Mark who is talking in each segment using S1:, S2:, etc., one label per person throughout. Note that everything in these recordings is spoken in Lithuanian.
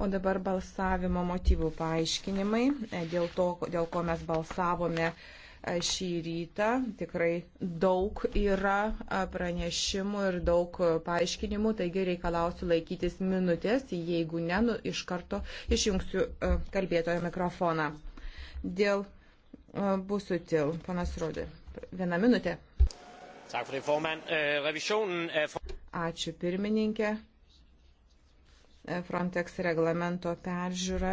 S1: O dabar balsavimo motyvų paaiškinimai e, dėl to, dėl ko mes balsavome e, šį rytą. Tikrai daug yra e, pranešimų ir daug paaiškinimų, taigi reikalausiu laikytis minutės, jeigu ne, nu, iš karto išjungsiu kalbėtojo mikrofoną. Dėl busutil, panas Rodi, vieną minutę.
S2: Øh,
S1: Ačiū pirmininkė. E, Frontex reglamento peržiūra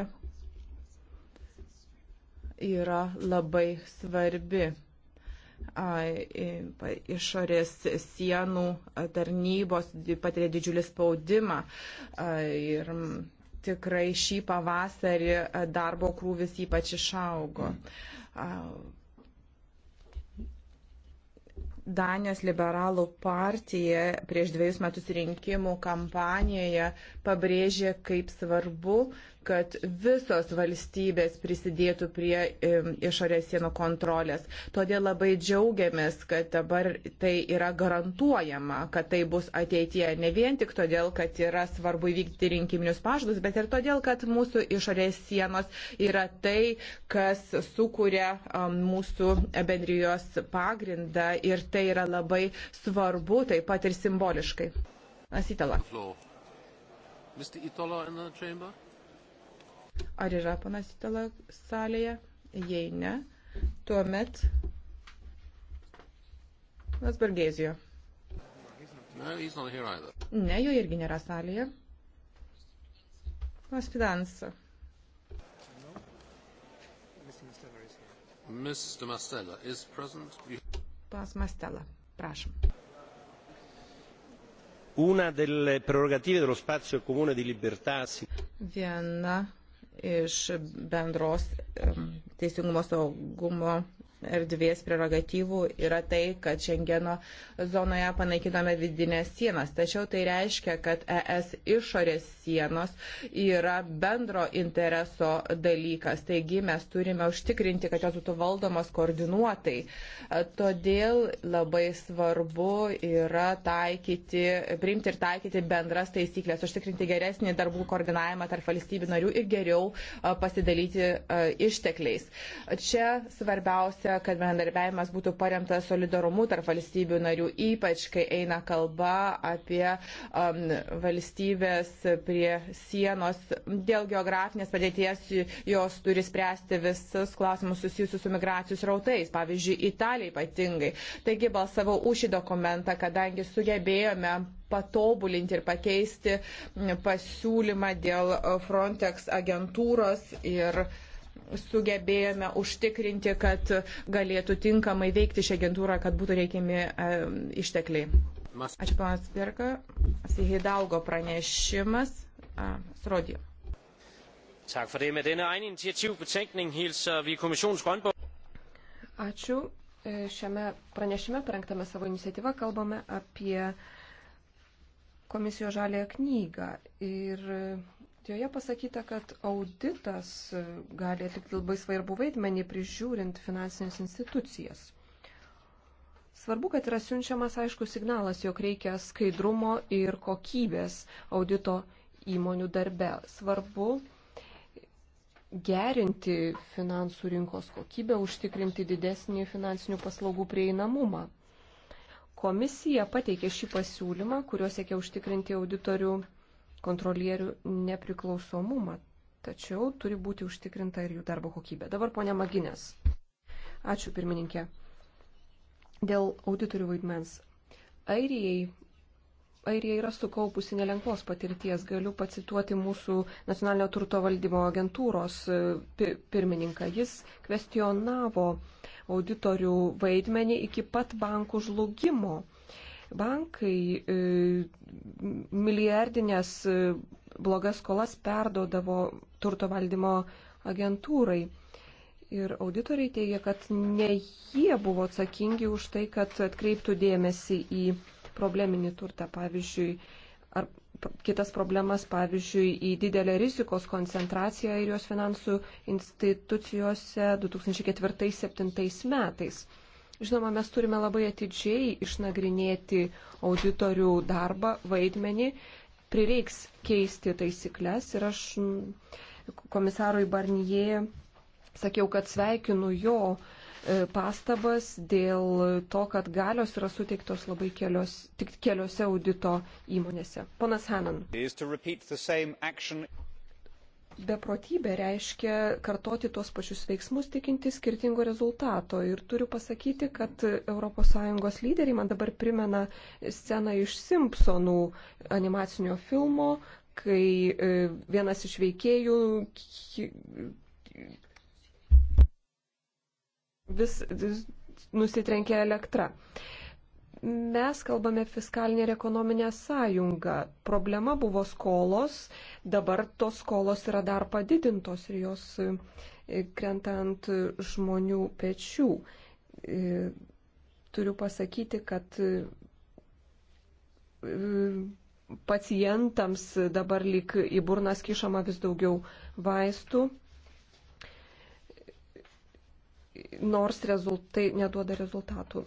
S1: yra labai svarbi išorės sienų tarnybos patiria didžiulį spaudimą. Ir tikrai šį pavasarį darbo krūvis ypač išaugo. Mm Danijos liberalų partija prieš dviejus metus rinkimų kampanijoje pabrėžė, kaip svarbu kad visos valstybės prisidėtų prie išorės sienų kontrolės. Todėl labai džiaugiamės, kad dabar tai yra garantuojama, kad tai bus ateityje. Ne vien tik todėl, kad yra svarbu įvykti rinkiminius pažadus, bet ir todėl, kad mūsų išorės sienos yra tai, kas sukuria mūsų bendrijos pagrindą ir tai yra labai svarbu, taip pat ir simboliškai. Asitala.
S3: Mr. Itolo in the chamber?
S1: Ar yra panas Itala salėje? Jei ne, tuomet
S3: Las Bergezijo. Ne, jo
S1: irgi nėra salėje. Las Fidansa.
S4: Mr.
S3: Mastella is present.
S1: Pas Mastella, prašom.
S5: Una delle prerogative dello spazio
S2: comune di libertà.
S1: Viena iš bendros teisingumo saugumo erdvės prerogatyvų yra tai, kad Šengeno zonoje panaikiname vidinės sienas. Tačiau tai reiškia, kad ES išorės sienos yra bendro intereso dalykas. Taigi mes turime užtikrinti, kad jos būtų valdomos koordinuotai. Todėl labai svarbu yra taikyti, priimti ir taikyti bendras taisyklės, užtikrinti geresnį darbų koordinavimą tarp valstybių narių ir geriau pasidalyti ištekliais. Čia svarbiausia reikalauja, kad bendarbiavimas būtų paremtas solidarumu tarp valstybių narių, ypač kai eina kalba apie um, valstybės prie sienos. Dėl geografinės padėties jos turi spręsti visus klausimus susijusius su migracijos rautais, pavyzdžiui, Italijai ypatingai. Taigi balsavau už šį dokumentą, kadangi sugebėjome patobulinti ir pakeisti pasiūlymą dėl Frontex agentūros ir uh, sugebėjome užtikrinti, kad galėtų tinkamai veikti šią agentūrą, kad būtų reikiami e, ištekliai. Ačiū, panas Pirka. Sihidalgo pranešimas.
S2: A, srodė. Tak for det. Med denne egen initiativbetænkning hilser vi kommissionens grønbog. Ačiū. E, šiame pranešime, parengtame savo iniciatyvą, kalbame apie komisijos žalėją knygą. Ir Joje pasakyta, kad auditas e, gali atlikti labai svarbu vaidmenį prižiūrint finansinės institucijas. Svarbu, kad yra siunčiamas aišku signalas, jog reikia skaidrumo ir kokybės audito įmonių darbe. Svarbu gerinti finansų rinkos kokybę, užtikrinti didesnį finansinių paslaugų prieinamumą. Komisija pateikė šį pasiūlymą, kuriuo siekia užtikrinti auditorių kontrolierių nepriklausomumą, tačiau turi būti užtikrinta ir jų darbo kokybė. Dabar ponia Maginės. Ačiū pirmininkė. Dėl auditorių vaidmens. Airijai Airija yra sukaupusi nelengvos patirties. Galiu pacituoti mūsų nacionalinio turto valdymo agentūros e, pirmininką. Jis kvestionavo auditorių vaidmenį iki pat bankų žlugimo. Bankai e, milijardinės e, blogas skolas perdodavo turto valdymo agentūrai. Ir auditoriai teigia, kad ne jie buvo atsakingi už tai, kad atkreiptų dėmesį į probleminį turtą, pavyzdžiui, ar kitas problemas, pavyzdžiui, į didelę rizikos koncentraciją ir jos finansų institucijose 2004-2007 metais. Žinoma, mes turime labai atidžiai išnagrinėti auditorių darbą, vaidmenį. Prireiks keisti taisyklės ir aš mm, komisarui Barnijė sakiau, kad sveikinu jo e, pastabas dėl to, kad galios yra suteiktos labai kelios, tik keliose audito įmonėse. Ponas Hanan beprotybė reiškia kartoti tuos pačius veiksmus, tikinti skirtingo rezultato. Ir turiu pasakyti, kad ES lyderiai man dabar primena sceną iš Simpsonų animacinio filmo, kai e, vienas iš veikėjų vis, vis nusitrenkė elektrą. Uh, Mes kalbame fiskalinę ir ekonominę sąjungą. Problema buvo skolos, dabar tos skolos yra dar padidintos ir jos e, krenta ant žmonių pečių. E, turiu pasakyti, kad e, pacientams dabar lyg į burnas kišama vis daugiau vaistų, nors rezultai neduoda rezultatų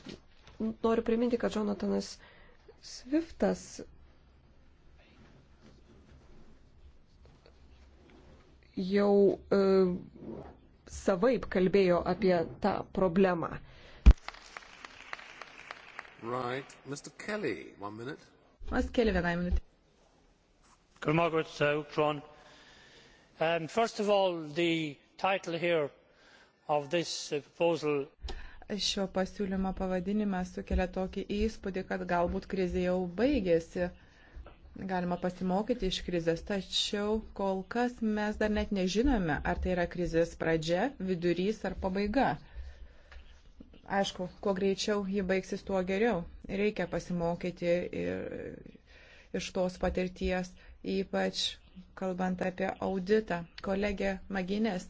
S2: noriu priminti, kad Jonathanas Swiftas jau e, savaip kalbėjo apie tą problemą.
S3: Right. Mr. Kelly, one minute.
S2: Mas Kelly, vienai minutė.
S3: Good morning, Sir Ukron. Um, first of all, the title here
S5: of this uh, proposal
S1: šio pasiūlymo pavadinimas sukelia tokį įspūdį, kad galbūt krizė jau baigėsi. Galima pasimokyti iš krizės, tačiau kol kas mes dar net nežinome, ar tai yra krizės pradžia, vidurys ar pabaiga. Aišku, kuo greičiau ji baigsis, tuo geriau. Reikia pasimokyti ir, iš tos patirties, ypač kalbant apie auditą. Kolegė Maginės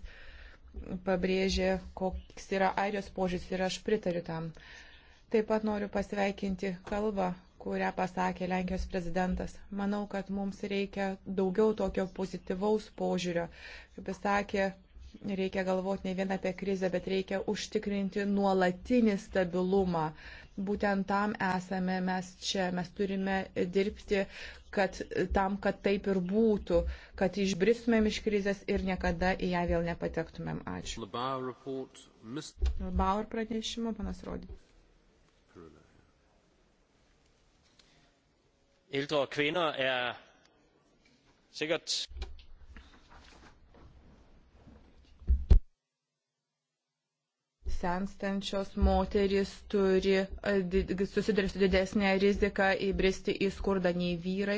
S1: pabrėžė, koks yra airijos požiūris ir aš pritariu tam. Taip pat noriu pasveikinti kalbą, kurią pasakė Lenkijos prezidentas. Manau, kad mums reikia daugiau tokio pozityvaus požiūrio. Kaip jis sakė, reikia galvoti ne vien apie krizę, bet reikia užtikrinti nuolatinį stabilumą Būtent tam esame mes čia, mes turime dirbti kad, tam, kad taip ir būtų, kad išbristumėm iš krizės ir niekada į ją vėl nepatektumėm. Ačiū. Bauer pranešimo, panas Rodė.
S2: Ældre kvinder er
S5: sikkert
S1: senstančios moteris turi susiduria su didesnė rizika įbristi į skurdą nei vyrai,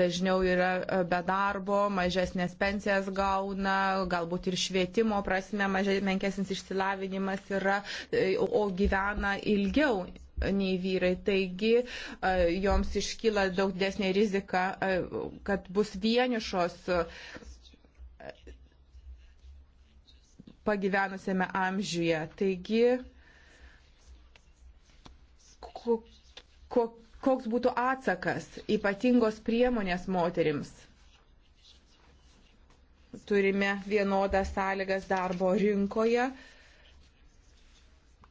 S1: dažniau yra be darbo, mažesnės pensijas gauna, galbūt ir švietimo prasme mažai, menkesnis išsilavinimas yra, e, o gyvena ilgiau nei vyrai. Taigi joms iškyla daug desnė rizika, kad bus vienišos pagyvenusiame amžiuje. Taigi, koks būtų atsakas ypatingos priemonės moterims? Turime vienodas sąlygas darbo rinkoje,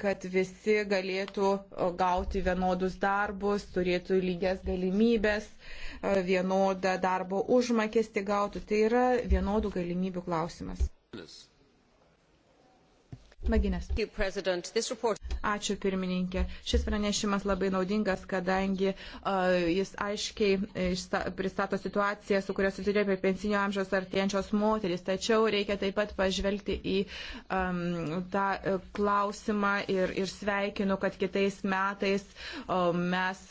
S1: kad visi galėtų gauti vienodus darbus, turėtų lygias galimybės, vienodą darbo užmokestį gautų. Tai yra vienodų galimybių klausimas. Yes. Maginės. Ačiū pirmininkė. Šis pranešimas labai naudingas, kadangi uh, jis aiškiai e, išsta, pristato situaciją, su kuria susidurė per pensinio amžiaus artėjančios moteris. Tačiau reikia taip pat pažvelgti į um, tą e, klausimą ir, ir sveikinu, kad kitais metais um, mes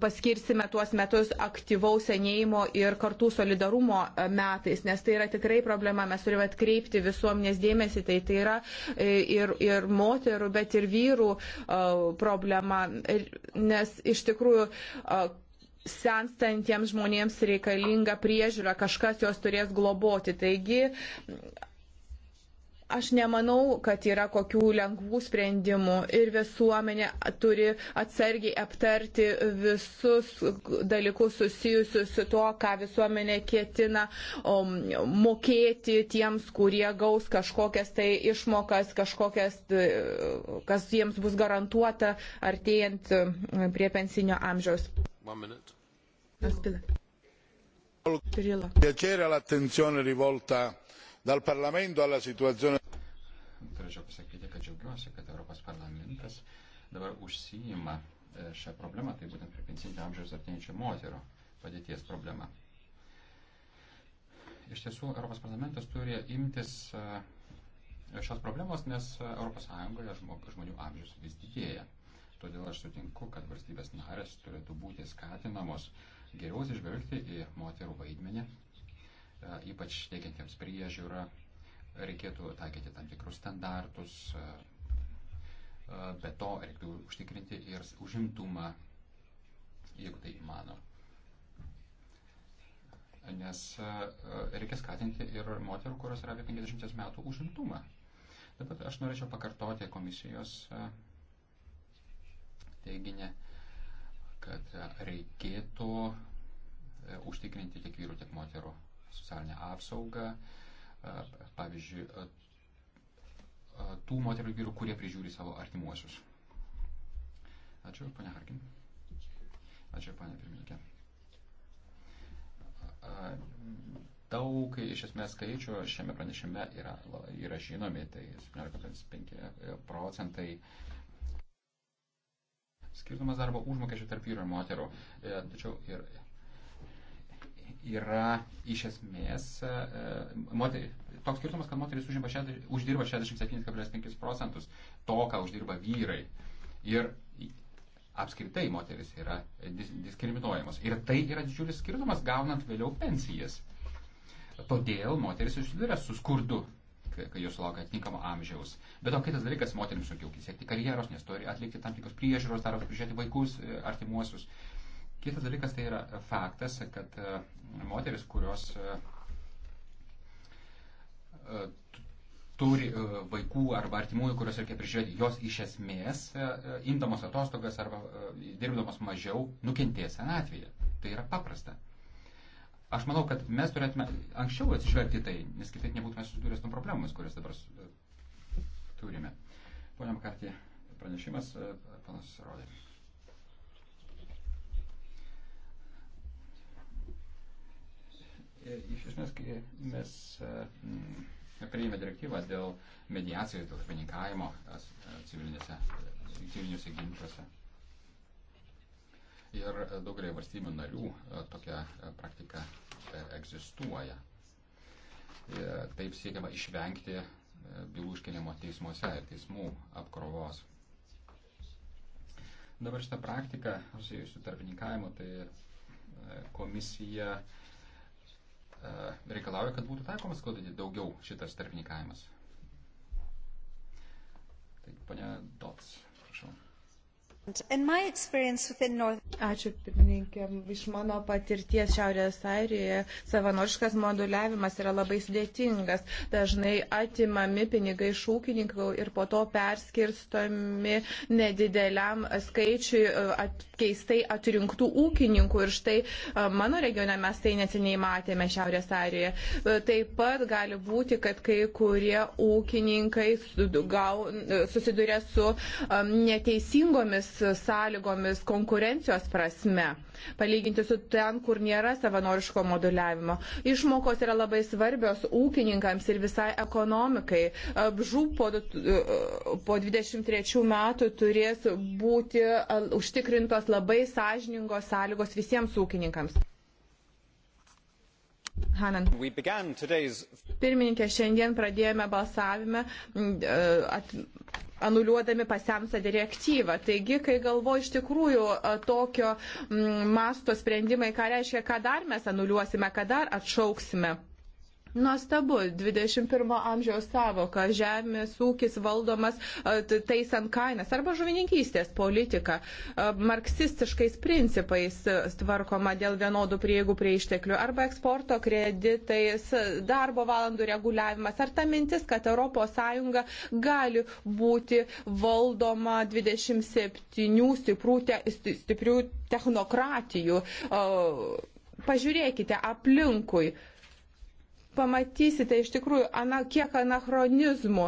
S1: paskirsime tuos metus aktyvaus senėjimo ir kartų solidarumo e, metais, nes tai yra tikrai problema, mes turime atkreipti visuomenės dėmesį, tai tai yra e, ir, ir moterų, bet ir vyrų e, problema, nes iš tikrųjų senstantiems žmonėms reikalinga priežiūra, kažkas juos turės globoti. Taigi Aš nemanau, kad yra kokių lengvų sprendimų ir visuomenė turi atsargiai aptarti visus dalykus susijusius su tuo, ką visuomenė ketina o, um, mokėti tiems, kurie gaus kažkokias tai išmokas, kažkokias, kas jiems bus garantuota artėjant um, prie pensinio amžiaus.
S4: Piacere all'attenzione rivolta dal Parlamento alla situazione.
S3: Turėčiau pasakyti, kad džiaugiuosi, kad Europos parlamentas dabar užsijima e, šią problemą, tai būtent prie pensinio amžiaus artėjančių moterų padėties problema. Iš tiesų, Europos parlamentas turi imtis e, šios problemos, nes ES žmonių amžius vis didėja. Todėl aš sutinku, kad valstybės narės turėtų būti skatinamos geriau išvelgti į moterų vaidmenį E, ypač teikiantiems priežiūrą, reikėtų taikyti tam tikrus standartus, e, e, be to reiktų užtikrinti ir užimtumą, jeigu tai įmanoma. Nes reikia skatinti ir moterų, kurios yra apie 50 metų užimtumą. Dabar aš norėčiau pakartoti komisijos teiginį, kad reikėtų užtikrinti tiek vyrų, tiek moterų socialinę apsaugą, pavyzdžiui, tų moterų ir vyrų, kurie prižiūri savo artimuosius. Ačiū, ponia Harkin. Ačiū, ponia pirmininkė. Daug iš esmės skaičių šiame pranešime yra, yra žinomi, tai 17,5 e, procentai skirtumas darbo užmokesčių tarp vyrų ir moterų. E, tačiau ir yra iš esmės e, moter, toks skirtumas, kad moteris užima, uždirba 67,5 procentus to, ką uždirba vyrai. Ir apskritai moteris yra dis, diskriminuojamos. Ir tai yra didžiulis skirtumas gaunant vėliau pensijas. Todėl moteris susiduria su skurdu kai jos laukia atitinkamo amžiaus. Bet o kitas dalykas, moteriams sunkiau siekti karjeros, nes turi atlikti tam tikrus priežiūros darbus, prižiūrėti vaikus, e, artimuosius. Uh, Kitas dalykas tai yra faktas, kad e, moteris, kurios e, e, turi vaikų arba artimųjų, kuriuos reikia prižiūrėti, jos iš esmės, imdamos atostogas arba dirbdamos mažiau, nukentės senatvėje. Tai yra paprasta. Aš manau, kad mes turėtume anksčiau atsižvelgti tai, nes kitaip nebūtume susidūrę su tom problemomis, kurias dabar turime. Pone Makartė, pranešimas, panas Rodė. Iš esmės, kai mes e, priėmė direktyvą dėl mediacijos, dėl tarpininkavimo e, civiliniuose ginčiuose. Ir e, daugelį valstybių narių tokia praktika egzistuoja. Taip siekiama išvengti bylų iškeliamo teismuose ir teismų apkrovos. Dabar šitą praktiką susijusiu tarpininkavimu, tai komisija uh, E, reikalauja, kad būtų taikomas kuo daugiau šitas tarpininkavimas. Taip, ponia Dots, prašau.
S1: Ačiū pirmininkė. Iš mano patirties Šiaurės Airijoje savanoriškas moduliavimas yra labai sudėtingas. Dažnai atimami pinigai iš ūkininkų ir po to perskirstomi nedideliam skaičiui e, at, keistai atrinktų ūkininkų. Ir štai e, mano regione mes tai neseniai matėme Šiaurės Airijoje. E, taip pat gali būti, kad kai kurie ūkininkai susiduria su neteisingomis sąlygomis konkurencijos prasme, palyginti su ten, kur nėra savanoriško moduliavimo. Išmokos yra labai svarbios ūkininkams ir visai ekonomikai. Žūp po, po 23 metų turės būti užtikrintos labai sąžiningos sąlygos visiems ūkininkams.
S3: Hanan. Today's...
S1: Pirmininkė, šiandien pradėjome balsavimą. At anuliuodami pasenusią direktyvą. Taigi, kai galvoju iš tikrųjų tokio masto sprendimai, ką reiškia, ką dar mes anuliuosime, ką dar atšauksime. Nuostabu, 21 amžiaus savoka, žemės ūkis valdomas e, taisant kainas arba žuvininkystės politika, e, marksistiškais principais e, tvarkoma dėl vienodų prieigų prie išteklių arba eksporto kreditais, darbo valandų reguliavimas ar ta mintis, kad ES gali būti valdoma 27 stiprių, te, stiprių technokratijų. Pažiūrėkite aplinkui pamatysite iš tikrųjų, ana, kiek anachronizmų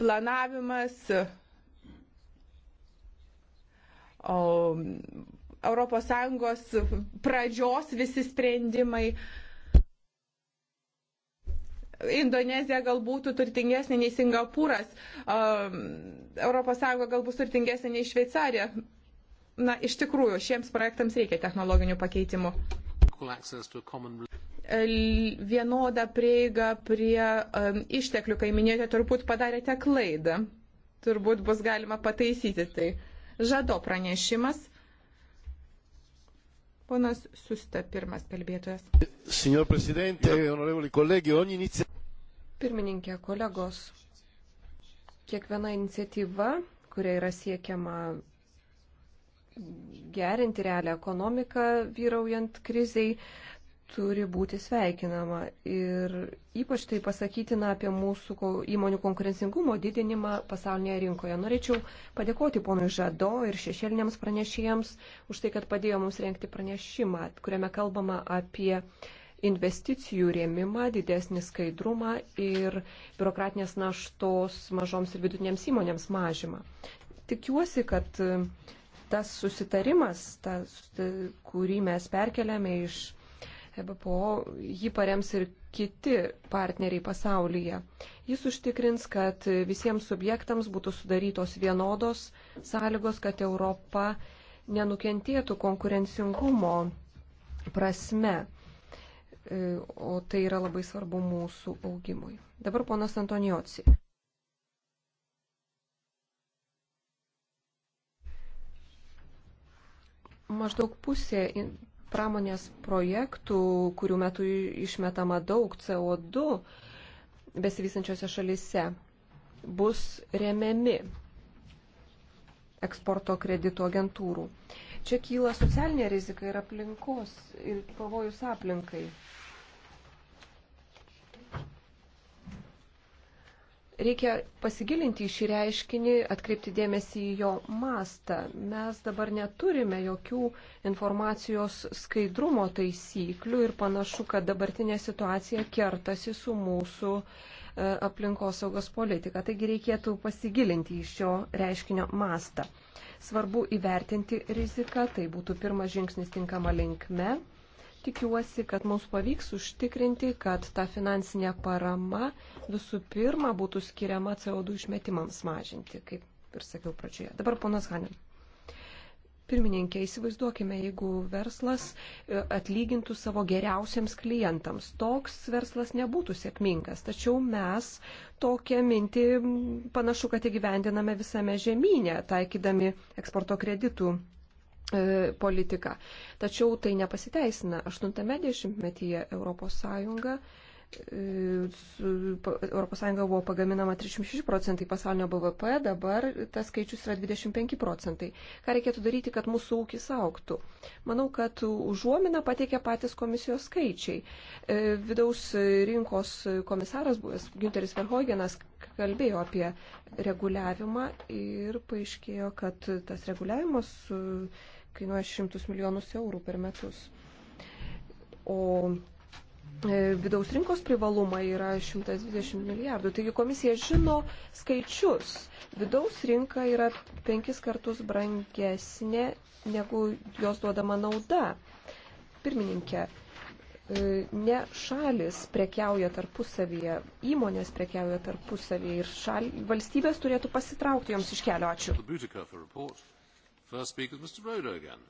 S1: planavimas o, ES pradžios visi sprendimai. Indonezija gal būtų turtingesnė nei Singapūras, ES gal bus turtingesnė nei Šveicarija. Na, iš tikrųjų, šiems projektams reikia technologinių pakeitimų vienodą prieigą prie um, išteklių, kai minėjote, turbūt padarėte klaidą. Turbūt bus galima pataisyti tai. Žado pranešimas. Ponas Susta,
S2: pirmas kalbėtojas. Signor Presidente, onorevoli kolegi, ogni inicija. Pirmininkė, kolegos, kiekviena iniciatyva, kuria yra siekiama gerinti realią ekonomiką vyraujant kriziai, turi būti sveikinama. Ir ypač tai pasakytina apie mūsų įmonių konkurencingumo didinimą pasaulinėje rinkoje. Norėčiau padėkoti ponui Žado ir šešėliniams pranešėjams už tai, kad padėjo mums renkti pranešimą, kuriame kalbama apie investicijų rėmimą, didesnį skaidrumą ir biurokratinės naštos mažoms ir vidutinėms įmonėms mažymą. Tikiuosi, kad tas susitarimas, tas, kurį mes perkeliame iš EBPO jį parems ir kiti partneriai pasaulyje. Jis užtikrins, kad visiems subjektams būtų sudarytos vienodos sąlygos, kad Europa nenukentėtų konkurencingumo prasme. E, o tai yra labai svarbu mūsų augimui. Dabar ponas Antonijoci. Maždaug pusė pramonės projektų, kurių metu išmetama daug CO2 besivysančiose šalise, bus remiami eksporto kreditų agentūrų. Čia kyla socialinė rizika ir aplinkos ir pavojus aplinkai. Reikia pasigilinti į šį reiškinį, atkreipti dėmesį į jo mastą. Mes dabar neturime jokių informacijos skaidrumo taisyklių ir panašu, kad dabartinė situacija kertasi su mūsų e, aplinkosaugos politika. Taigi reikėtų pasigilinti į šio reiškinio mastą. Svarbu įvertinti riziką, tai būtų pirmas žingsnis tinkama linkme. Tikiuosi, kad mums pavyks užtikrinti, kad ta finansinė parama visų pirma būtų skiriama CO2 išmetimams mažinti, kaip ir sakiau pradžioje. Dabar ponas Hanin. Pirmininkė, įsivaizduokime, jeigu verslas e, atlygintų savo geriausiams klientams. Toks verslas nebūtų sėkmingas, tačiau mes tokią mintį panašu, kad įgyvendiname visame žemynė, taikydami eksporto kreditų E, politiką. Tačiau tai nepasiteisina. 80-metyje ES ES buvo pagaminama 36 procentai pasaulinio BVP, dabar tas skaičius yra 25 procentai. Ką reikėtų daryti, kad mūsų ūkis auktų? Manau, kad užuominą pateikė patys komisijos skaičiai. E, vidaus rinkos komisaras buvęs Günteris Verhogenas kalbėjo apie reguliavimą ir paaiškėjo, kad tas reguliavimas su kainuoja šimtus milijonus eurų per metus. O e, vidaus rinkos privalumai yra 120 milijardų. Taigi komisija žino skaičius. Vidaus rinka yra penkis kartus brangesnė negu jos duodama nauda. Pirmininkė, e, ne šalis prekiauja tarpusavyje, įmonės prekiauja tarpusavyje ir šal, valstybės turėtų pasitraukti joms iš kelio. Ačiū.
S3: First speaker is Mr. Rodo again.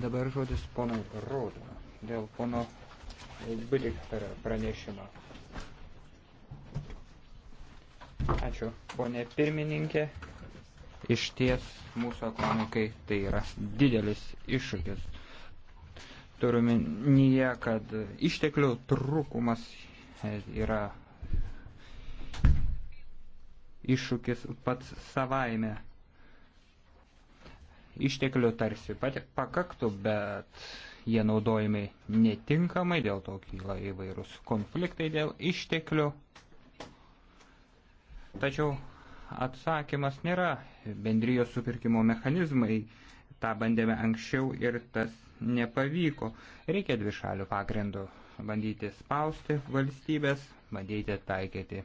S2: Dabar žodis ponui Rodo
S5: dėl pono Biliktario pranešimo. Ačiū, ponė pirmininkė. Iš ties mūsų ekonomikai tai yra didelis iššūkis. Turiuomenyje, kad išteklių trūkumas yra iššūkis pats savaime išteklių tarsi pat pakaktų, bet jie naudojami netinkamai, dėl to kyla įvairūs konfliktai dėl išteklių. Tačiau atsakymas nėra bendrijos supirkimo mechanizmai, tą bandėme anksčiau ir tas nepavyko. Reikia dvišalių pagrindų bandyti spausti valstybės, bandyti taikyti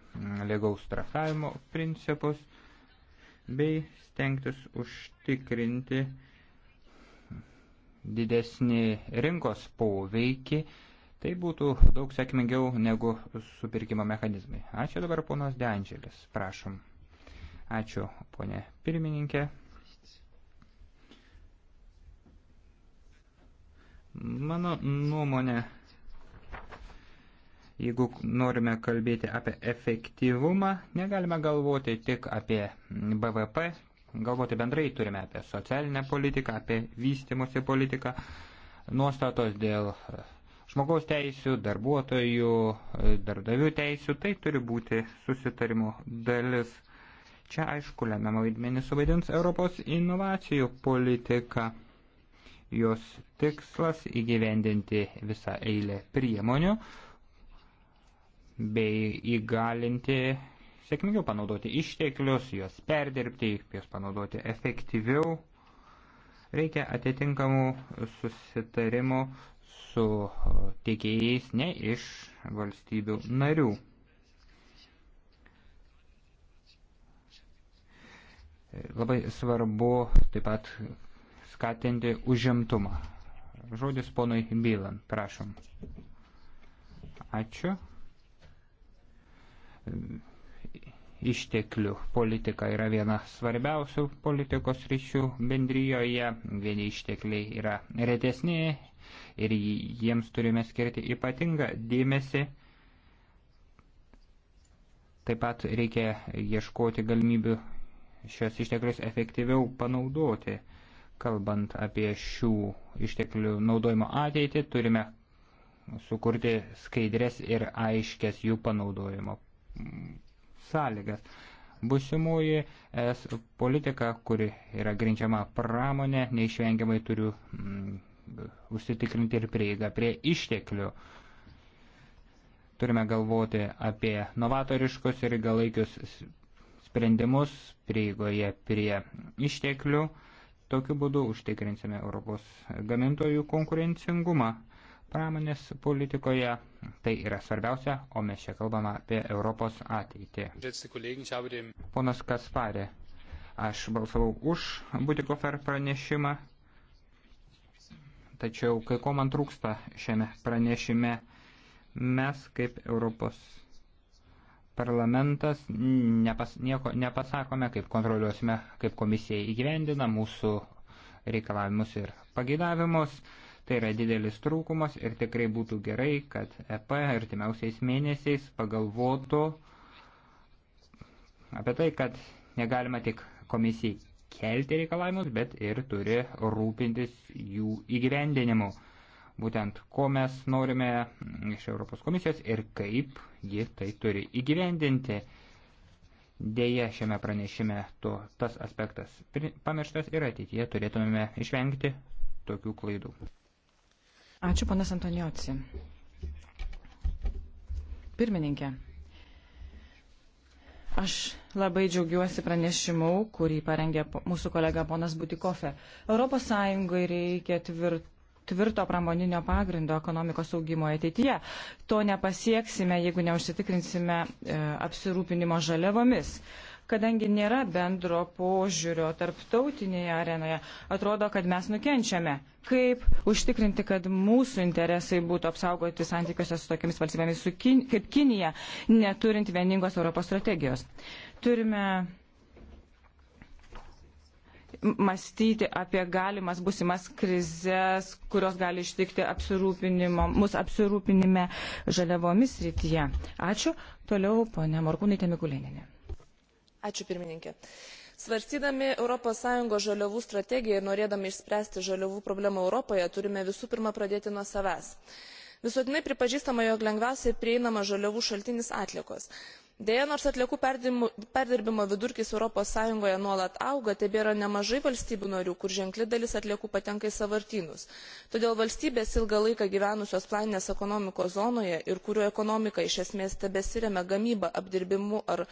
S5: legaus traktavimo principus bei stengtis užtikrinti didesnį rinkos poveikį. Tai būtų daug sėkmingiau negu supirkimo mechanizmai. Ačiū dabar ponas Deandželis, prašom. Ačiū ponė pirmininkė. Mano nuomonė Jeigu norime kalbėti apie efektyvumą, negalime galvoti tik apie BVP, galvoti bendrai turime apie socialinę politiką, apie vystimosi politiką, nuostatos dėl e, žmogaus teisių, darbuotojų, e, darbdavių teisių, tai turi būti susitarimo dalis. Čia aišku, lemiamą vaidmenį suvaidins Europos inovacijų politika. Jos tikslas įgyvendinti visą eilę priemonių, bei įgalinti sėkmingiau panaudoti išteklius, juos perdirbti, juos panaudoti efektyviau. Reikia atitinkamų susitarimų su tiekėjais ne iš valstybių narių. Labai svarbu taip pat skatinti užimtumą. Žodis ponui Bylan, prašom. Ačiū išteklių politika yra viena svarbiausių politikos ryšių bendryjoje, vieni ištekliai yra retesni ir jiems turime skirti ypatingą dėmesį. Taip pat reikia ieškoti galimybių šios išteklius efektyviau panaudoti. Kalbant apie šių išteklių naudojimo ateitį, turime sukurti skaidrės ir aiškės jų panaudojimo sąlygas. Busimuoji es politika, kuri yra grindžiama pramonė, neišvengiamai turiu mm, užsitikrinti ir prieigą prie išteklių. Turime galvoti apie novatoriškus ir galaikius sprendimus prieigoje prie išteklių. Tokiu būdu užtikrinsime Europos gamintojų konkurencingumą pramonės politikoje. Tai yra svarbiausia, o mes čia kalbame apie Europos ateitį. Ponas Kasparė, aš balsavau už Butikofer pranešimą, tačiau kai ko man trūksta šiame pranešime, mes kaip Europos parlamentas nepas, nieko nepasakome, kaip kontroliuosime, kaip komisija įgyvendina mūsų reikalavimus ir pageidavimus. Tai yra didelis trūkumas ir tikrai būtų gerai, kad EP artimiausiais mėnesiais pagalvotų apie tai, kad negalima tik komisijai kelti reikalavimus, bet ir turi rūpintis jų įgyvendinimu. Būtent ko mes norime iš Europos komisijos ir kaip ji tai turi įgyvendinti. Deja, šiame pranešime to, tas aspektas pamirštas ir ateityje turėtumėme išvengti tokių klaidų.
S6: Ačiū, panas Antonioci. Pirmininkė, aš labai džiaugiuosi pranešimu, kurį parengė mūsų kolega ponas Butikofe. Europos Sąjungai reikia tvirtų tvirto pramoninio pagrindo ekonomikos augimo ateityje. To nepasieksime, jeigu neužsitikrinsime e, apsirūpinimo žaliavomis. E, kadangi nėra bendro požiūrio tarptautinėje arenoje, atrodo, kad mes nukenčiame. Kaip užtikrinti, kad mūsų interesai būtų apsaugoti santykiuose su tokiamis valstybėmis su kin, kaip Kinija, neturint vieningos Europos strategijos. Turime mąstyti apie galimas būsimas krizės, kurios gali ištikti mūsų apsirūpinime žaliavomis rytyje. Ačiū. Toliau ponė Morkūnaitė Mikulėninė
S4: svarstydami europos sąjungos žaliavų strategiją ir norėdami išspręsti žaliavų problemą europoje turime visų pirma pradėti nuo savęs. visuotinai pripažįstama jog lengviausiai prieinamas žaliavų šaltinis atliekos deja nors atliekų perdirbimo vidurkis europos sąjungoje nuolat auga tebėra nemažai valstybių narių kur ženkli dalis atliekų patenka į sąvartynus todėl valstybės ilgą laiką gyvenusios planinės ekonomikos zonoje ir kurių ekonomika iš esmės tebesiremia gamyba apdirbimu ar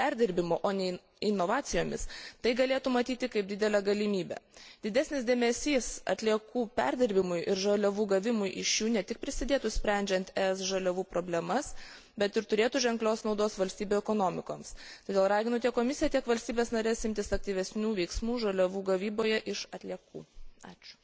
S4: perdirbimu o ne inovacijomis tai galėtų matyti kaip didelę galimybę. didesnis dėmesys atliekų perdirbimui ir žaliavų gavimui iš jų ne tik prisidėtų sprendžiant es žaliavų problemas bet ir turėtų ženklios naudos valstybių ekonomikoms. todėl raginu tiek komisiją tiek valstybes nares imtis aktyvesnių veiksmų žaliavų gavyboje iš atliekų. ačiū.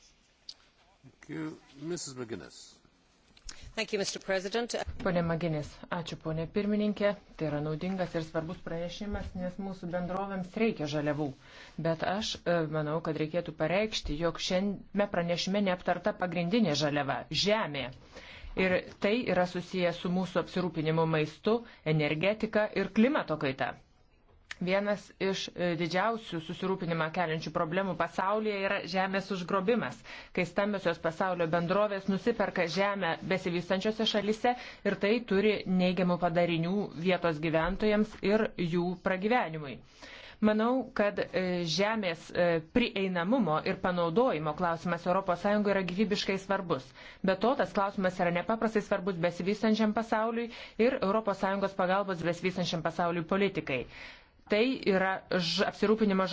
S7: Pone Maginis, ačiū ponė pirmininkė, tai yra naudingas ir svarbus pranešimas, nes mūsų bendrovėms reikia žaliavų. Bet aš e, manau, kad reikėtų pareikšti, jog šiame pranešime neaptarta pagrindinė žaliava - žemė. Ir tai yra susiję su mūsų apsirūpinimu maistu, energetika ir klimato kaita. Vienas iš e, didžiausių susirūpinimą keliančių problemų pasaulyje yra žemės užgrobimas, kai stambiosios pasaulio bendrovės nusiperka žemę besivystančiose šalise ir tai turi neigiamų padarinių vietos gyventojams ir jų pragyvenimui. Manau, kad e, žemės e, prieinamumo ir panaudojimo klausimas ES yra gyvybiškai svarbus. Be to, tas klausimas yra nepaprastai svarbus besivystančiam pasauliui ir ES pagalbos besivystančiam pasauliui politikai. Tai yra apsirūpinimo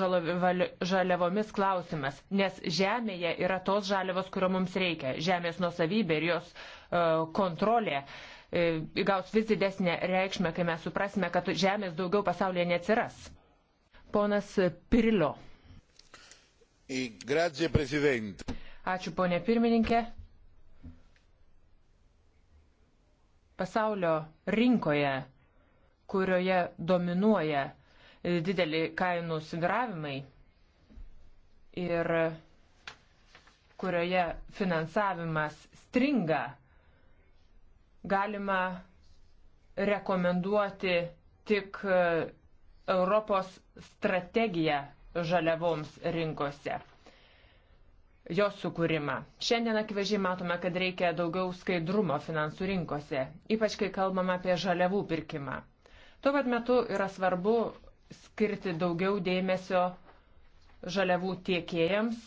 S7: žaliavomis klausimas, nes žemėje yra tos žaliavos, kurio mums reikia. Žemės nuosavybė ir jos uh, kontrolė uh, įgaus vis didesnę reikšmę, kai mes suprasime, kad žemės daugiau pasaulyje neatsiras. Ponas Pirilio.
S6: Grazie, prezident.
S7: Ačiū, ponė pirmininkė. Pasaulio rinkoje, kurioje dominuoja dideli kainų sviravimai ir kurioje finansavimas stringa, galima rekomenduoti tik Europos strategiją žaliavoms rinkose jos sukūrimą. Šiandien akivaizdžiai matome, kad reikia daugiau skaidrumo finansų rinkose, ypač kai kalbame apie žaliavų pirkimą. Tuo pat metu yra svarbu skirti daugiau dėmesio žaliavų tiekėjams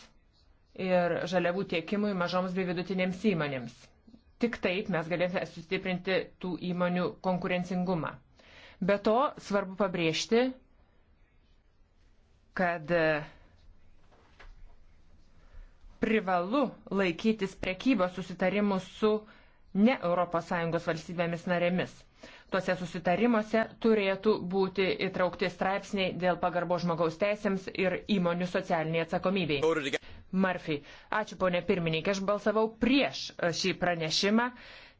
S7: ir žaliavų tiekimui mažoms bei vidutinėms įmonėms. Tik taip mes galėsime sustiprinti tų įmonių konkurencingumą. Be to, svarbu pabrėžti, kad privalu laikytis prekybos susitarimų su ne ES valstybėmis narėmis. Tuose susitarimuose turėtų būti įtraukti straipsniai dėl pagarbo žmogaus teisėms ir įmonių socialiniai atsakomybei. Murphy, ačiū ponė pirmininkė, aš balsavau prieš šį pranešimą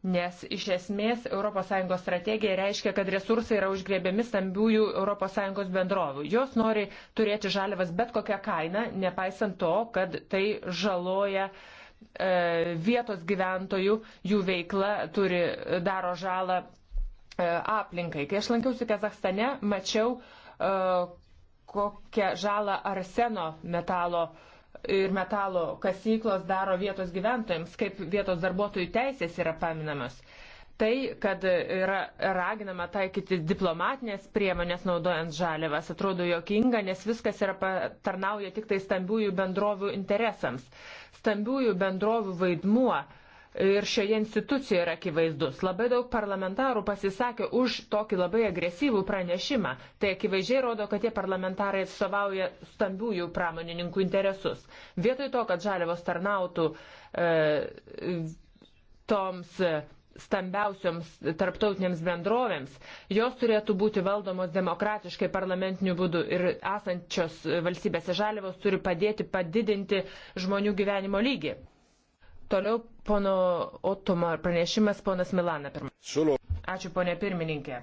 S7: nes iš esmės ES strategija reiškia, kad resursai yra užgrėbiami stambiųjų ES bendrovių. Jos nori turėti žalivas bet kokią kainą, nepaisant to, kad tai žaloja e, vietos gyventojų, jų veikla turi, daro žalą e, aplinkai. Kai aš lankiausi Kazakstane, mačiau, e, kokią žalą arseno metalo e, ir metalo kasyklos daro vietos gyventojams, kaip vietos darbuotojų teisės yra paminamos. Tai, kad yra raginama taikyti diplomatinės priemonės naudojant žalėvas, atrodo jokinga, nes viskas yra tarnauja tik tai stambiųjų bendrovių interesams. Stambiųjų bendrovių vaidmuo ir šioje institucijoje yra akivaizdus. Labai daug parlamentarų pasisakė už tokį labai agresyvų pranešimą. Tai akivaizdžiai rodo, kad tie parlamentarai atstovauja stambiųjų pramonininkų interesus. Vietoj to, kad žaliavos tarnautų e, toms stambiausioms tarptautinėms bendrovėms, jos turėtų būti valdomos demokratiškai parlamentiniu būdu ir esančios valstybėse žaliavos turi padėti padidinti žmonių gyvenimo lygį. Toliau pono Otumar pranešimas, ponas Milana pirmą. Ačiū ponė pirmininkė.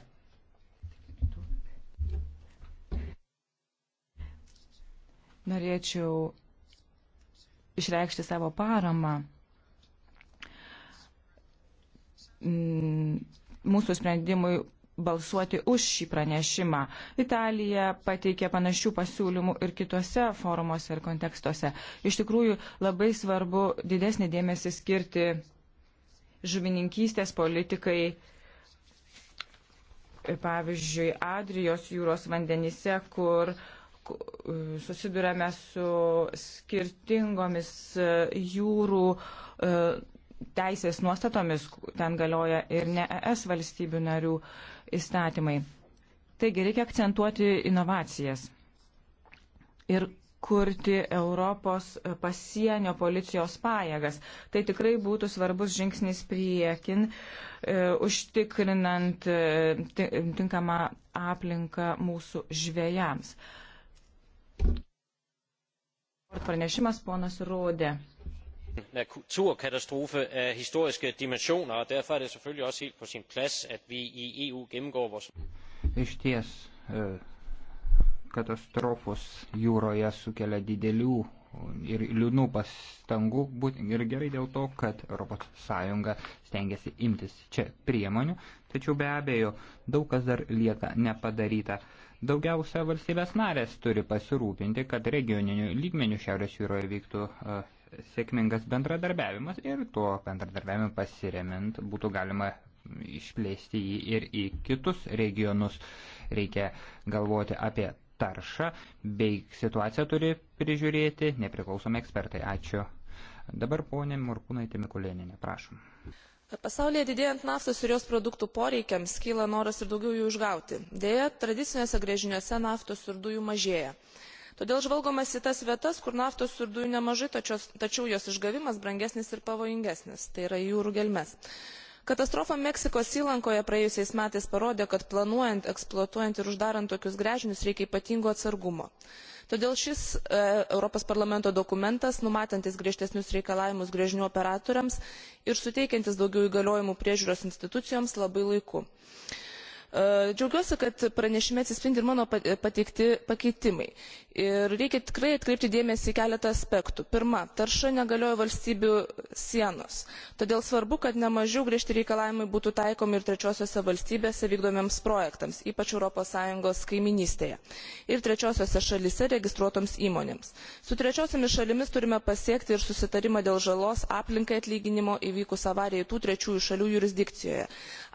S7: Norėčiau
S6: išreikšti savo paramą mm, mūsų sprendimui balsuoti už šį pranešimą. Italija pateikė panašių pasiūlymų ir kitose forumuose ir kontekstuose. Iš tikrųjų, labai svarbu didesnį dėmesį skirti žuvininkystės politikai, pavyzdžiui, Adrijos jūros vandenyse, kur susidurėme su skirtingomis e, jūrų e, teisės nuostatomis, ten galioja ir ne ES valstybių narių įstatymai. Taigi reikia akcentuoti inovacijas ir kurti Europos pasienio policijos pajėgas. Tai tikrai būtų svarbus žingsnis priekin, e, užtikrinant e, tinkamą aplinką mūsų žvėjams. Pranešimas ponas Rodė
S2: naturkatastrofe af historiske dimensioner og derfor er det selvfølgelig også helt på sin plads at vi i eu gennemgår vores.
S6: Išties
S5: eh, katastrofos jūroje sukelia didelių mm, ir liūdnų pastangų, būtent ir gerai dėl to, kad ES stengiasi imtis čia priemonių, tačiau be abejo daug kas dar lieka nepadaryta. Daugiausia valstybės narės turi pasirūpinti, kad regioninių lygmenių Šiaurės jūroje vyktų eh, sėkmingas bendradarbiavimas ir tuo bendradarbiavimu pasiremint būtų galima išplėsti jį ir į kitus regionus. Reikia galvoti apie taršą, bei situaciją turi prižiūrėti nepriklausomi ekspertai. Ačiū. Dabar ponė Morkūnaitė Mikulėninė, prašom.
S4: Pasaulyje didėjant naftos ir jos produktų poreikiams kyla noras ir daugiau jų išgauti. Deja, tradiciniuose grėžiniuose naftos ir dujų mažėja todėl žvalgomasi į tas vietas kur naftos ir dujų nemažai tačiau jos išgavimas brangesnis ir pavojingesnis tai yra į jūrų gelmes. katastrofa meksikos įlankoje praėjusiais metais parodė kad planuojant eksploatuojant ir uždarant tokius gręžinius reikia ypatingo atsargumo todėl šis e, europos parlamento dokumentas numatantis griežtesnius reikalavimus gręžinių operatoriams ir suteikiantis daugiau įgaliojimų priežiūros institucijoms labai laiku. E, džiaugiuosi kad pranešime atsispindi ir mano pateikti pakeitimai. Ir reikia tikrai atkreipti dėmesį į keletą aspektų. Pirma, tarša negalioja valstybių sienos. Todėl svarbu, kad nemažiau griežti reikalavimai būtų taikomi ir trečiosiose valstybėse vykdomiems projektams, ypač ES kaiminystėje, ir trečiosiose šalise registruotoms įmonėms. Su trečiosiomis šalimis turime pasiekti ir susitarimą dėl žalos aplinkai atlyginimo įvykus avarijai tų trečiųjų šalių jurisdikcijoje.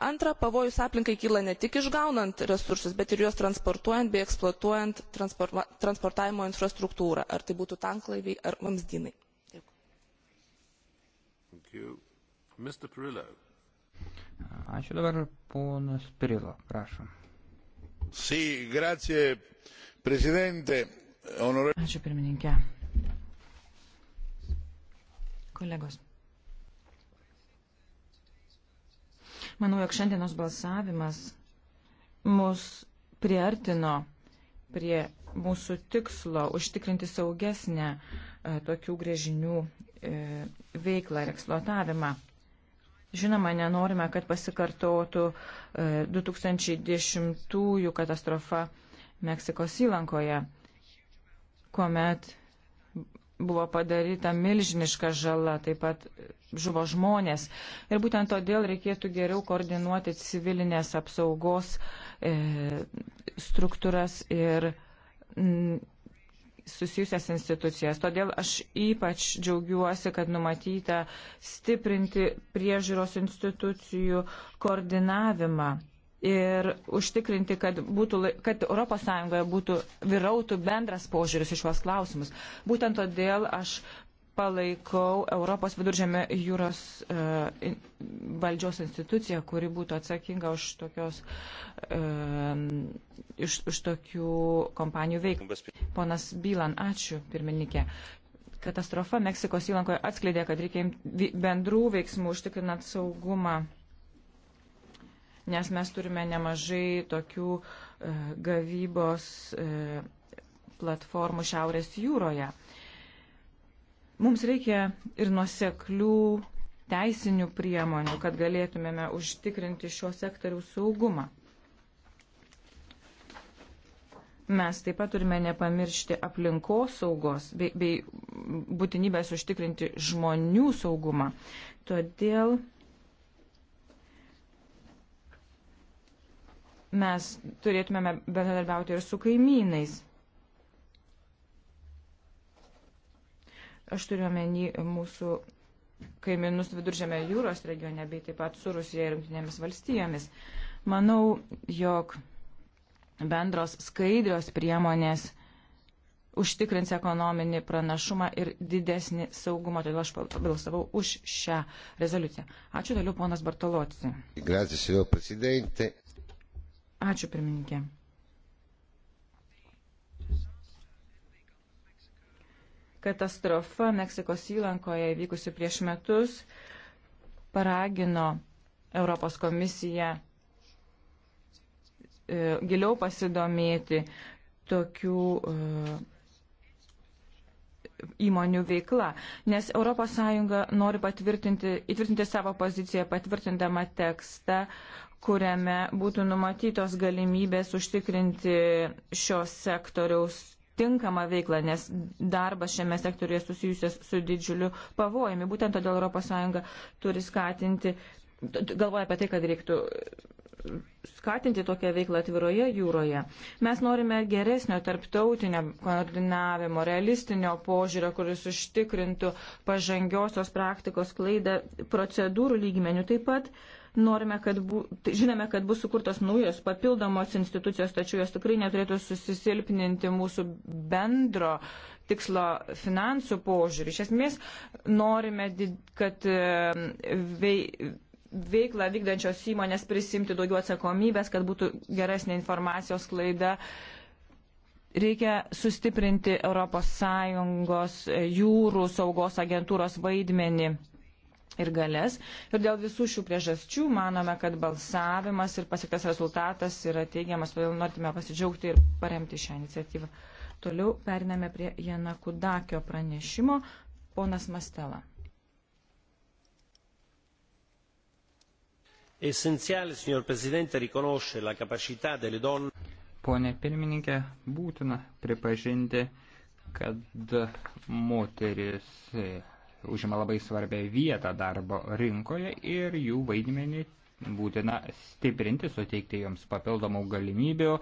S4: Antra, pavojus aplinkai kyla ne tik išgaunant resursus, bet ir juos transportuojant bei eksploatuojant transporto transportavimo infrastruktūrą ar tai būtų tanklaiviai ar vamzdynai.
S5: Ačiū dabar ponas Pirilo, prašom.
S6: Sì, grazie Presidente, onorevoli. Ačiū pirmininkė. Kolegos. Manau, jog šiandienos balsavimas mus priartino prie mūsų tikslo užtikrinti saugesnę e, tokių grėžinių e, veiklą ir eksploatavimą. Žinoma, nenorime, kad pasikartotų 2010-ųjų e, katastrofa Meksikos įlankoje, kuomet buvo padaryta milžiniška žala, taip pat žuvo žmonės. Ir būtent todėl reikėtų geriau koordinuoti civilinės apsaugos e, struktūras ir Mm, susijusias institucijas. Todėl aš ypač džiaugiuosi, kad numatyta stiprinti priežiūros institucijų koordinavimą ir užtikrinti, kad, būtų, kad ES būtų vyrautų bendras požiūris iš šios klausimus. Būtent todėl aš palaikau Europos viduržėme jūros e, valdžios instituciją, kuri būtų atsakinga už, tokios, e, iš, už tokių kompanijų veiklą. Ponas Bylan, ačiū, pirmininkė. Katastrofa Meksikos įlankoje atskleidė, kad reikia bendrų veiksmų užtikrinant saugumą, nes mes turime nemažai tokių e, gavybos e, platformų Šiaurės jūroje. E, Mums reikia ir nuoseklių teisinių priemonių, kad galėtumėme užtikrinti šio sektorių saugumą. Mes taip pat turime nepamiršti aplinkos saugos bei, bei būtinybės užtikrinti žmonių saugumą. Todėl mes turėtumėme bendradarbiauti ir su kaimynais. Aš turiu omeny mūsų kaiminus viduržėme jūros regione, bei taip pat su Rusija ir jungtinėmis valstijomis. Manau, jog bendros skaidrios priemonės užtikrins ekonominį pranašumą ir didesnį saugumą. Todėl aš balsavau už šią rezoliuciją. Ačiū toliau, ponas Bartolotsi. Grazie, Ačiū, pirmininkė. katastrofa Meksikos įlankoje įvykusi prieš metus paragino Europos komisiją e, giliau pasidomėti tokių e, įmonių veikla, nes ES nori įtvirtinti savo poziciją patvirtindama tekstą, kuriame būtų numatytos galimybės užtikrinti šios sektoriaus tinkamą veiklą, nes darbas šiame sektorėje susijusias su didžiuliu pavojami. Būtent todėl ES turi skatinti, galvoja apie tai, kad reiktų skatinti tokią veiklą atviroje jūroje. Mes norime geresnio tarptautinio koordinavimo, realistinio požiūrio, kuris užtikrintų pažangiosios praktikos klaidą procedūrų lygmenių. Taip pat uh, Norime, kad bu, tai žinome, kad bus sukurtos naujos papildomos institucijos, tačiau jos tikrai neturėtų susisilpninti mūsų bendro tikslo finansų požiūrį. Iš esmės norime, kad e, vei, veiklą vykdančios įmonės prisimti daugiau atsakomybės, kad būtų geresnė informacijos klaida. Reikia sustiprinti ES e, jūrų saugos agentūros vaidmenį ir galės. Ir dėl visų šių priežasčių manome, kad balsavimas ir pasiektas rezultatas yra teigiamas, todėl norime pasidžiaugti ir paremti šią iniciatyvą. Toliau periname prie Jana Kudakio pranešimo. Ponas Mastela.
S2: Essenziale, signor Presidente, riconoscere la capacità delle donne.
S5: Pone pirmininkė, būtina pripažinti, kad moteris užima labai svarbę vietą darbo rinkoje ir jų vaidmenį būtina stiprinti, suteikti joms papildomų galimybių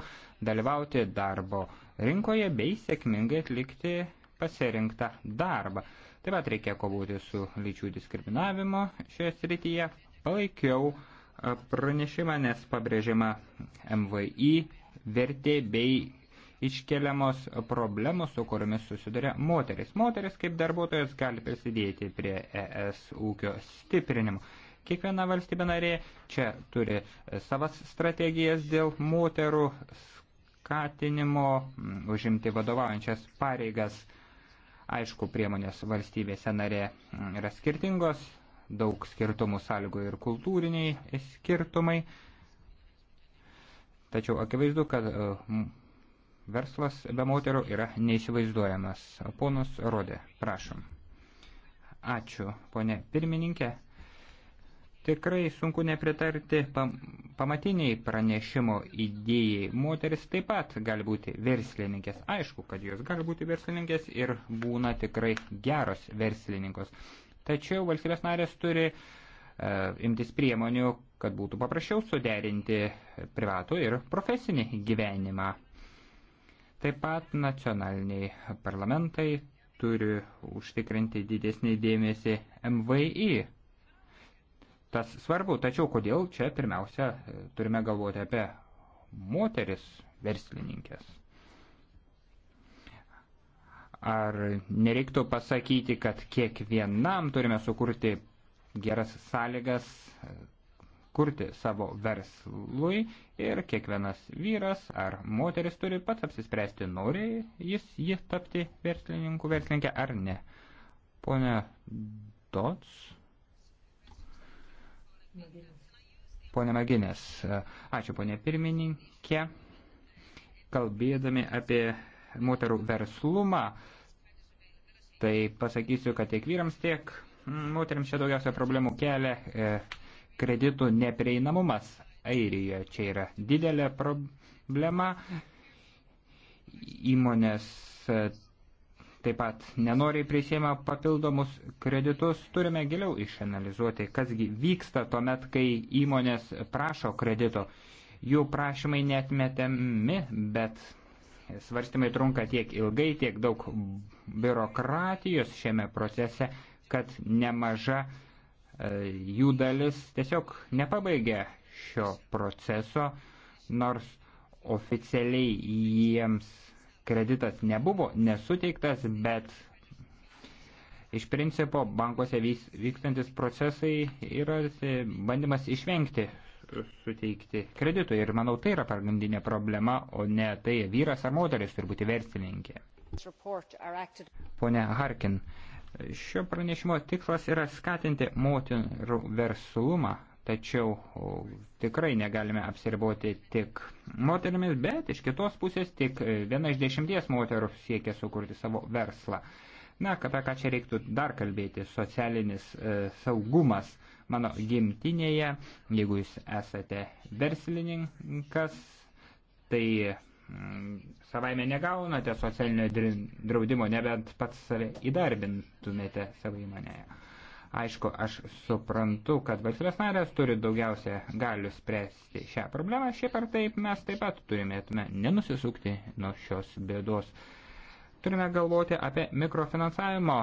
S5: dalyvauti darbo rinkoje bei sėkmingai atlikti pasirinktą darbą. Taip pat reikia kovoti su lyčių diskriminavimo šioje srityje. Palaikiau e, pranešimą, nes pabrėžiama MVI vertė bei iškeliamos problemos, su kuriomis susiduria moteris. Moteris kaip darbuotojas gali prisidėti prie ES ūkio stiprinimo. Kiekviena valstybė narė čia turi savas strategijas dėl moterų skatinimo, mm, užimti vadovaujančias pareigas. Aišku, priemonės valstybėse narė mm, yra skirtingos, daug skirtumų sąlygų ir kultūriniai skirtumai. Tačiau akivaizdu, kad e, verslas be moterų yra neįsivaizduojamas. Ponas Rodė, prašom. Ačiū, ponė pirmininkė. Tikrai sunku nepritarti pam, pamatiniai pranešimo idėjai. Moteris taip pat gali būti verslininkės. Aišku, kad jos gali būti verslininkės ir būna tikrai geros verslininkos. Tačiau valstybės narės turi e, imtis priemonių, kad būtų paprasčiau suderinti privatų ir profesinį gyvenimą. Taip pat nacionaliniai parlamentai turi užtikrinti didesnį dėmesį MVI. Tas svarbu, tačiau kodėl čia pirmiausia e, turime galvoti apie moteris verslininkės. Ar nereiktų pasakyti, kad kiekvienam turime sukurti geras sąlygas e, kurti savo verslui ir kiekvienas vyras ar moteris turi pats apsispręsti, nori jis jį tapti verslininku, verslininkė ar ne. Pone Dots. Pone Maginės, ačiū ponė pirmininkė. Kalbėdami apie moterų verslumą, tai pasakysiu, kad tiek vyrams, tiek moteriams čia daugiausia problemų kelia e, kreditų neprieinamumas Airijoje. Čia yra didelė problema. Įmonės e, taip pat nenoriai prisėmė papildomus kreditus. Turime giliau išanalizuoti, kasgi vyksta tuomet, kai įmonės prašo kredito. Jų prašymai netmetami, bet svarstymai trunka tiek ilgai, tiek daug biurokratijos šiame procese, kad nemaža uh, E, jų dalis tiesiog nepabaigė šio proceso, nors oficialiai jiems kreditas nebuvo nesuteiktas, bet iš principo bankuose vykstantis procesai yra bandymas išvengti suteikti kreditų ir manau tai yra pagrindinė problema, o ne tai vyras ar moteris turi būti verslininkė. Pone Harkin, uh, Šio pranešimo tikslas yra skatinti motinų verslumą, tačiau tikrai negalime apsiriboti tik moterimis, bet iš kitos pusės tik e, viena iš dešimties moterų siekia sukurti savo verslą. Na, apie ką čia reiktų dar kalbėti, socialinis e, saugumas mano gimtinėje, jeigu jūs esate verslininkas, tai Mm, savaime negaunate socialinio draudimo, nebent pats save įdarbintumėte savo įmonėje. Aišku, aš suprantu, kad valstybės narės turi daugiausia galių spręsti šią problemą, šiaip ar taip mes taip pat turimėtume nenusisukti nuo šios bėdos. Turime galvoti apie mikrofinansavimo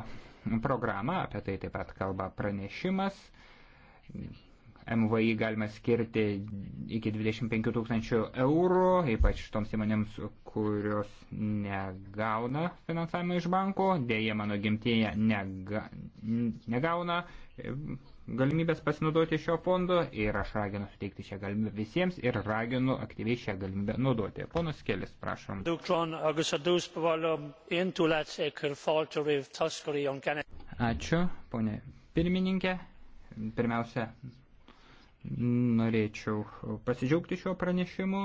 S5: programą, apie tai taip pat kalba pranešimas MVI galima skirti iki 25 tūkstančių eurų, ypač toms įmonėms, kurios negauna finansavimą iš banko, dėja mano gimtėje nega, negauna galimybės pasinaudoti šio fondo ir aš raginu suteikti šią galimybę visiems ir raginu aktyviai šią galimybę naudoti. Ponas Kelis, prašom. Ačiū, ponė pirmininkė. Pirmiausia, Norėčiau pasidžiaugti šio pranešimu.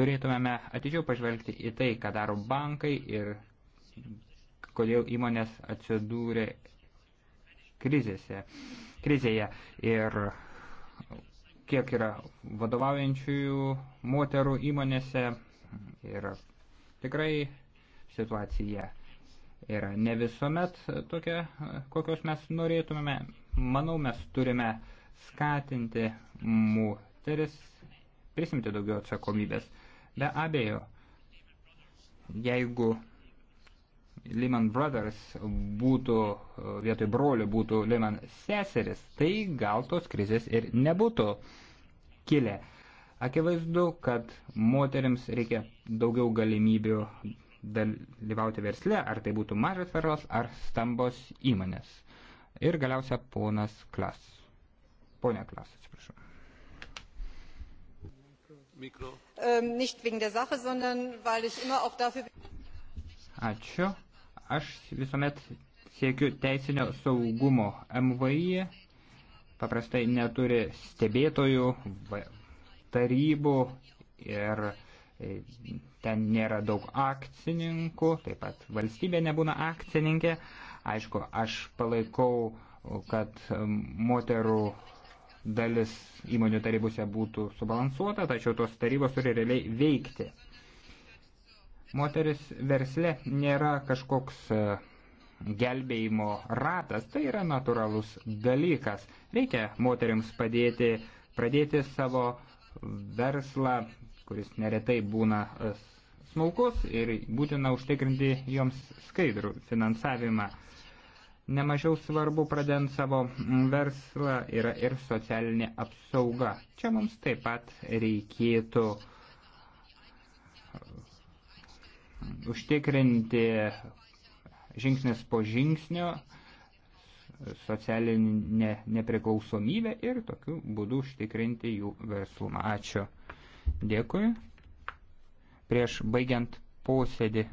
S5: Turėtumėme atidžiau pažvelgti į tai, ką daro bankai ir kodėl įmonės atsidūrė krizėse, krizėje ir kiek yra vadovaujančiųjų moterų įmonėse ir tikrai situacija yra ne visuomet tokia, kokios mes norėtumėme, Manau, mes turime skatinti moteris prisimti daugiau atsakomybės. Be abejo, jeigu Lehman Brothers būtų vietoj brolių būtų Lehman seseris, tai gal tos krizės ir nebūtų kilę. Akivaizdu, kad moteriams reikia daugiau galimybių dalyvauti versle, ar tai būtų mažas verslas, ar stambos įmonės. Ir galiausia ponas Klas. Pone Klas, atsiprašau.
S1: Mikro. Ähm, nicht wegen der Sache, sondern weil ich immer auch dafür.
S5: Ačiū. Aš visuomet siekiu teisinio saugumo MVI. Paprastai neturi stebėtojų, tarybų ir e, ten nėra daug akcininkų, taip pat valstybė nebūna akcininkė. Aišku, aš palaikau, kad moterų dalis įmonių tarybose būtų subalansuota, tačiau tos tarybos turi realiai veikti. Moteris versle nėra kažkoks e, gelbėjimo ratas, tai yra natūralus dalykas. Reikia moteriams padėti pradėti savo verslą, kuris neretai būna e, smulkus ir būtina užtikrinti joms skaidrų finansavimą. Nemažiau svarbu pradedant savo verslą yra ir socialinė apsauga. Čia mums taip pat reikėtų užtikrinti žingsnis po žingsnio socialinę nepriklausomybę ir tokiu būdu užtikrinti jų verslumą. Ačiū. Dėkui. Prieš baigiant posėdį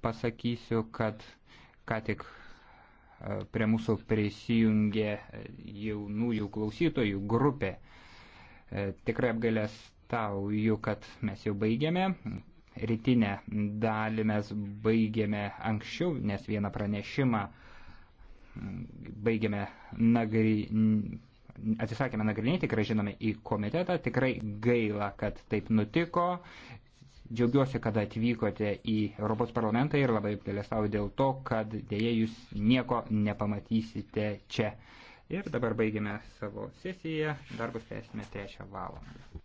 S5: pasakysiu, kad ką tik e, prie mūsų prisijungė e, jaunųjų klausytojų grupė. E, tikrai apgalės tauju, kad mes jau baigėme. Rytinę dalį mes baigėme anksčiau, nes vieną pranešimą baigėme nagri... atsisakėme nagrinėti, gražinome į komitetą. Tikrai gaila, kad taip nutiko. Džiaugiuosi, kad atvykote į Europos parlamentą ir labai apgalėsau dėl to, kad dėje jūs nieko nepamatysite čia. Ir dabar baigiame savo sesiją, darbus tęsime trečią valandą.